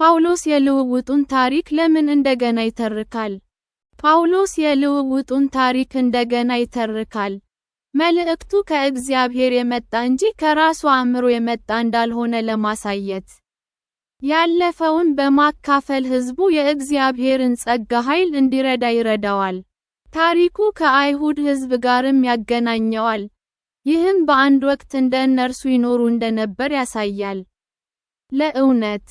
ጳውሎስ የልውውጡን ታሪክ ለምን እንደገና ይተርካል? ጳውሎስ የልውውጡን ታሪክ እንደገና ይተርካል። መልእክቱ ከእግዚአብሔር የመጣ እንጂ ከራሱ አእምሮ የመጣ እንዳልሆነ ለማሳየት፣ ያለፈውን በማካፈል ሕዝቡ የእግዚአብሔርን ጸጋ ኃይል እንዲረዳ ይረዳዋል። ታሪኩ ከአይሁድ ሕዝብ ጋርም ያገናኘዋል። ይህም በአንድ ወቅት እንደ እነርሱ ይኖሩ እንደነበር ያሳያል። ለእውነት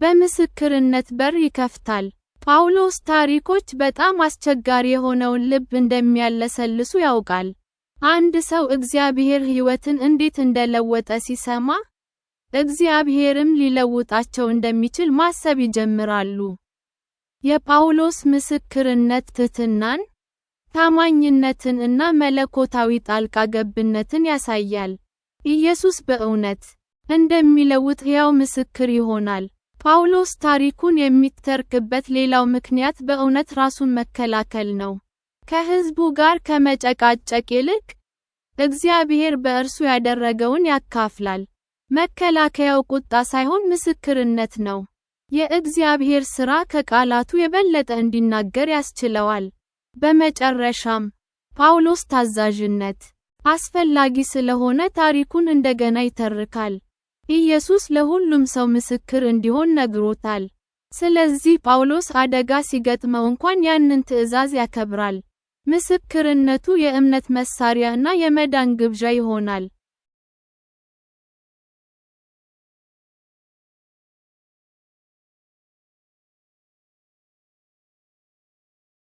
በምስክርነት በር ይከፍታል። ጳውሎስ ታሪኮች በጣም አስቸጋሪ የሆነውን ልብ እንደሚያለሰልሱ ያውቃል። አንድ ሰው እግዚአብሔር ሕይወትን እንዴት እንደለወጠ ሲሰማ፣ እግዚአብሔርም ሊለውጣቸው እንደሚችል ማሰብ ይጀምራሉ። የጳውሎስ ምስክርነት ትሕትናን፣ ታማኝነትን እና መለኮታዊ ጣልቃ ገብነትን ያሳያል። ኢየሱስ በእውነት እንደሚለውጥ ሕያው ምስክር ይሆናል። ጳውሎስ ታሪኩን የሚተርክበት ሌላው ምክንያት በእውነት ራሱን መከላከል ነው። ከሕዝቡ ጋር ከመጨቃጨቅ ይልቅ፣ እግዚአብሔር በእርሱ ያደረገውን ያካፍላል። መከላከያው ቁጣ ሳይሆን ምስክርነት ነው። የእግዚአብሔር ሥራ ከቃላቱ የበለጠ እንዲናገር ያስችለዋል። በመጨረሻም፣ ጳውሎስ ታዛዥነት አስፈላጊ ስለሆነ ታሪኩን እንደገና ይተርካል። ኢየሱስ ለሁሉም ሰው ምስክር እንዲሆን ነግሮታል። ስለዚህ ጳውሎስ አደጋ ሲገጥመው እንኳን ያንን ትዕዛዝ ያከብራል። ምስክርነቱ የእምነት መሳሪያ እና የመዳን ግብዣ ይሆናል።